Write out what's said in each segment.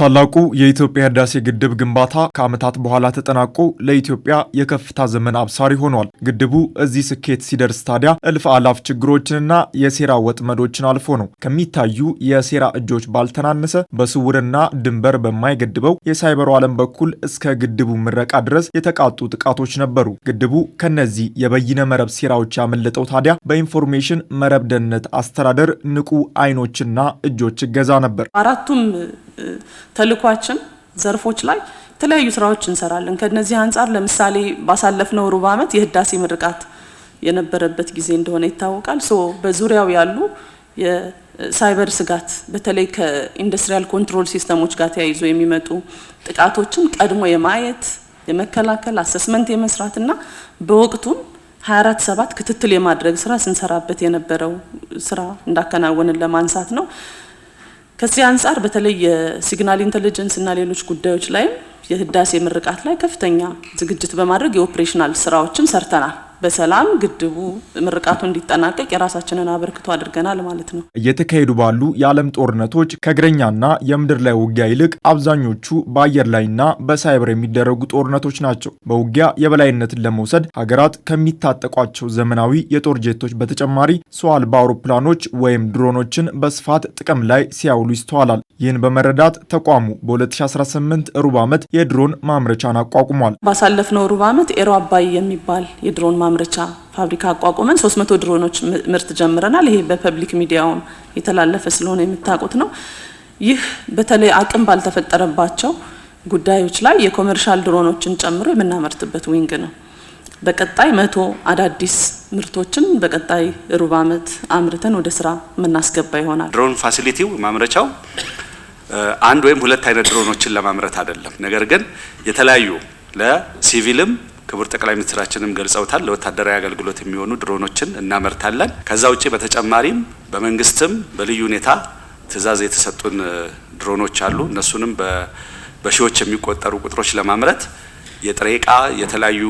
ታላቁ የኢትዮጵያ ህዳሴ ግድብ ግንባታ ከዓመታት በኋላ ተጠናቆ ለኢትዮጵያ የከፍታ ዘመን አብሳሪ ሆኗል። ግድቡ እዚህ ስኬት ሲደርስ ታዲያ እልፍ አላፍ ችግሮችንና የሴራ ወጥመዶችን አልፎ ነው ከሚታዩ የሴራ እጆች ባልተናነሰ በስውርና ድንበር በማይገድበው የሳይበሩ ዓለም በኩል እስከ ግድቡ ምረቃ ድረስ የተቃጡ ጥቃቶች ነበሩ። ግድቡ ከነዚህ የበይነ መረብ ሴራዎች ያመለጠው ታዲያ በኢንፎርሜሽን መረብ ደህንነት አስተዳደር ንቁ አይኖችና እጆች እገዛ ነበር። አራቱም ተልኳችን ዘርፎች ላይ የተለያዩ ስራዎች እንሰራለን። ከነዚህ አንጻር ለምሳሌ ባሳለፍነው ሩብ ዓመት የህዳሴ ምርቃት የነበረበት ጊዜ እንደሆነ ይታወቃል። ሶ በዙሪያው ያሉ የሳይበር ስጋት በተለይ ከኢንዱስትሪያል ኮንትሮል ሲስተሞች ጋር ተያይዞ የሚመጡ ጥቃቶችን ቀድሞ የማየት የመከላከል አሰስመንት የመስራት እና በወቅቱም 24 ሰባት ክትትል የማድረግ ስራ ስንሰራበት የነበረው ስራ እንዳከናወንን ለማንሳት ነው። ከዚህ አንጻር በተለይ የሲግናል ኢንቴሊጀንስ እና ሌሎች ጉዳዮች ላይም የህዳሴ ምርቃት ላይ ከፍተኛ ዝግጅት በማድረግ የኦፕሬሽናል ስራዎችን ሰርተናል። በሰላም ግድቡ ምርቃቱ እንዲጠናቀቅ የራሳችንን አበርክቶ አድርገናል ማለት ነው። እየተካሄዱ ባሉ የዓለም ጦርነቶች ከእግረኛና የምድር ላይ ውጊያ ይልቅ አብዛኞቹ በአየር ላይና በሳይበር የሚደረጉ ጦርነቶች ናቸው። በውጊያ የበላይነትን ለመውሰድ ሀገራት ከሚታጠቋቸው ዘመናዊ የጦር ጄቶች በተጨማሪ ሰው አልባ አውሮፕላኖች ወይም ድሮኖችን በስፋት ጥቅም ላይ ሲያውሉ ይስተዋላል። ይህን በመረዳት ተቋሙ በ2018 ሩብ ዓመት የድሮን ማምረቻን አቋቁሟል። ባሳለፍነው ሩብ ዓመት ኤሮ አባይ የሚባል የድሮን ማምረቻ ፋብሪካ አቋቁመን 300 ድሮኖች ምርት ጀምረናል። ይሄ በፐብሊክ ሚዲያውም የተላለፈ ስለሆነ የምታውቁት ነው። ይህ በተለይ አቅም ባልተፈጠረባቸው ጉዳዮች ላይ የኮመርሻል ድሮኖችን ጨምሮ የምናመርትበት ዊንግ ነው። በቀጣይ መቶ አዳዲስ ምርቶችን በቀጣይ ሩብ ዓመት አምርተን ወደ ስራ የምናስገባ ይሆናል። ድሮን ፋሲሊቲው ማምረቻው አንድ ወይም ሁለት አይነት ድሮኖችን ለማምረት አይደለም። ነገር ግን የተለያዩ ለሲቪልም ክቡር ጠቅላይ ሚኒስትራችንም ገልጸውታል። ለወታደራዊ አገልግሎት የሚሆኑ ድሮኖችን እናመርታለን። ከዛ ውጭ በተጨማሪም በመንግስትም በልዩ ሁኔታ ትዕዛዝ የተሰጡን ድሮኖች አሉ። እነሱንም በሺዎች የሚቆጠሩ ቁጥሮች ለማምረት የጥሬ እቃ የተለያዩ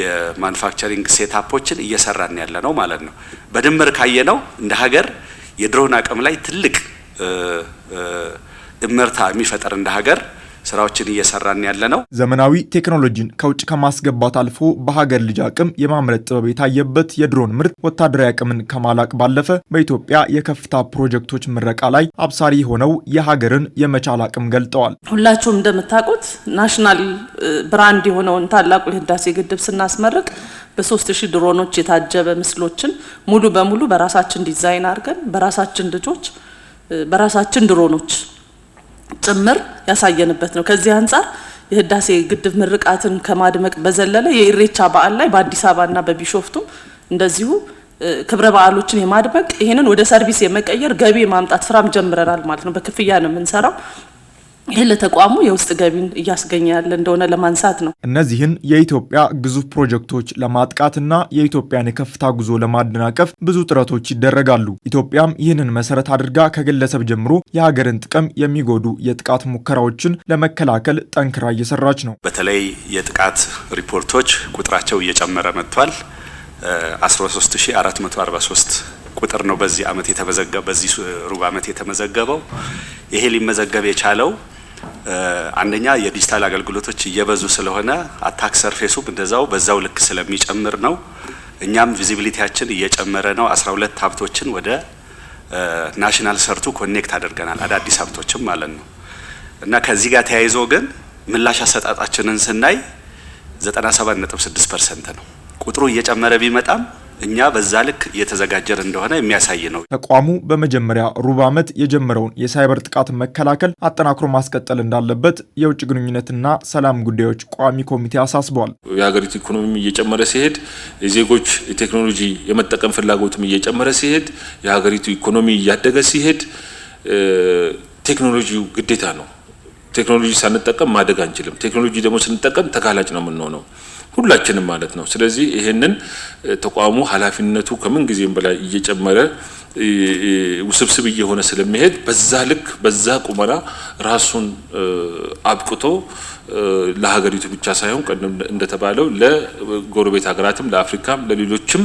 የማኑፋክቸሪንግ ሴታፖችን እየሰራን ያለ ነው ማለት ነው። በድምር ካየ ነው እንደ ሀገር የድሮን አቅም ላይ ትልቅ እመርታ የሚፈጠር እንደ ሀገር ስራዎችን እየሰራን ያለ ነው። ዘመናዊ ቴክኖሎጂን ከውጭ ከማስገባት አልፎ በሀገር ልጅ አቅም የማምረት ጥበብ የታየበት የድሮን ምርት ወታደራዊ አቅምን ከማላቅ ባለፈ በኢትዮጵያ የከፍታ ፕሮጀክቶች ምረቃ ላይ አብሳሪ ሆነው የሀገርን የመቻል አቅም ገልጠዋል። ሁላችሁም እንደምታውቁት ናሽናል ብራንድ የሆነውን ታላቁ የህዳሴ ግድብ ስናስመርቅ በሶስት ሺህ ድሮኖች የታጀበ ምስሎችን ሙሉ በሙሉ በራሳችን ዲዛይን አድርገን በራሳችን ልጆች በራሳችን ድሮኖች ጭምር ያሳየንበት ነው። ከዚህ አንጻር የህዳሴ ግድብ ምርቃትን ከማድመቅ በዘለለ የኢሬቻ በዓል ላይ በአዲስ አበባና በቢሾፍቱ እንደዚሁ ክብረ በዓሎችን የማድመቅ ይህንን ወደ ሰርቪስ የመቀየር ገቢ ማምጣት ስራም ጀምረናል ማለት ነው። በክፍያ ነው የምንሰራው። ይህ ለተቋሙ የውስጥ ገቢን እያስገኘ ያለ እንደሆነ ለማንሳት ነው። እነዚህን የኢትዮጵያ ግዙፍ ፕሮጀክቶች ለማጥቃትና የኢትዮጵያን የከፍታ ጉዞ ለማደናቀፍ ብዙ ጥረቶች ይደረጋሉ። ኢትዮጵያም ይህንን መሰረት አድርጋ ከግለሰብ ጀምሮ የሀገርን ጥቅም የሚጎዱ የጥቃት ሙከራዎችን ለመከላከል ጠንክራ እየሰራች ነው። በተለይ የጥቃት ሪፖርቶች ቁጥራቸው እየጨመረ መጥቷል። 13443 ቁጥር ነው በዚህ ዓመት የተመዘገበ በዚህ ሩብ ዓመት የተመዘገበው ይሄ ሊመዘገብ የቻለው አንደኛ የዲጂታል አገልግሎቶች እየበዙ ስለሆነ አታክ ሰርፌሱም እንደዛው በዛው ልክ ስለሚጨምር ነው። እኛም ቪዚቢሊቲያችን እየጨመረ ነው። 12 ሀብቶችን ወደ ናሽናል ሰርቱ ኮኔክት አድርገናል፣ አዳዲስ ሀብቶችም ማለት ነው እና ከዚህ ጋር ተያይዞ ግን ምላሽ አሰጣጣችንን ስናይ 97.6 ነው። ቁጥሩ እየጨመረ ቢመጣም እኛ በዛ ልክ እየተዘጋጀን እንደሆነ የሚያሳይ ነው። ተቋሙ በመጀመሪያ ሩብ ዓመት የጀመረውን የሳይበር ጥቃት መከላከል አጠናክሮ ማስቀጠል እንዳለበት የውጭ ግንኙነትና ሰላም ጉዳዮች ቋሚ ኮሚቴ አሳስቧል። የሀገሪቱ ኢኮኖሚም እየጨመረ ሲሄድ፣ የዜጎች የቴክኖሎጂ የመጠቀም ፍላጎትም እየጨመረ ሲሄድ፣ የሀገሪቱ ኢኮኖሚ እያደገ ሲሄድ፣ ቴክኖሎጂው ግዴታ ነው። ቴክኖሎጂ ሳንጠቀም ማደግ አንችልም። ቴክኖሎጂ ደግሞ ስንጠቀም ተጋላጭ ነው የምንሆነው። ሁላችንም ማለት ነው። ስለዚህ ይህንን ተቋሙ ኃላፊነቱ ከምን ጊዜም በላይ እየጨመረ ውስብስብ እየሆነ ስለሚሄድ በዛ ልክ በዛ ቁመና ራሱን አብቅቶ ለሀገሪቱ ብቻ ሳይሆን ቀደም እንደተባለው ለጎረቤት ሀገራትም ለአፍሪካም ለሌሎችም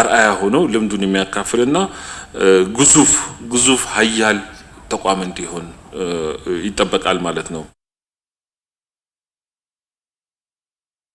አርአያ ሆኖ ልምዱን የሚያካፍልና ግዙፍ ግዙፍ ሀያል ተቋም እንዲሆን ይጠበቃል ማለት ነው።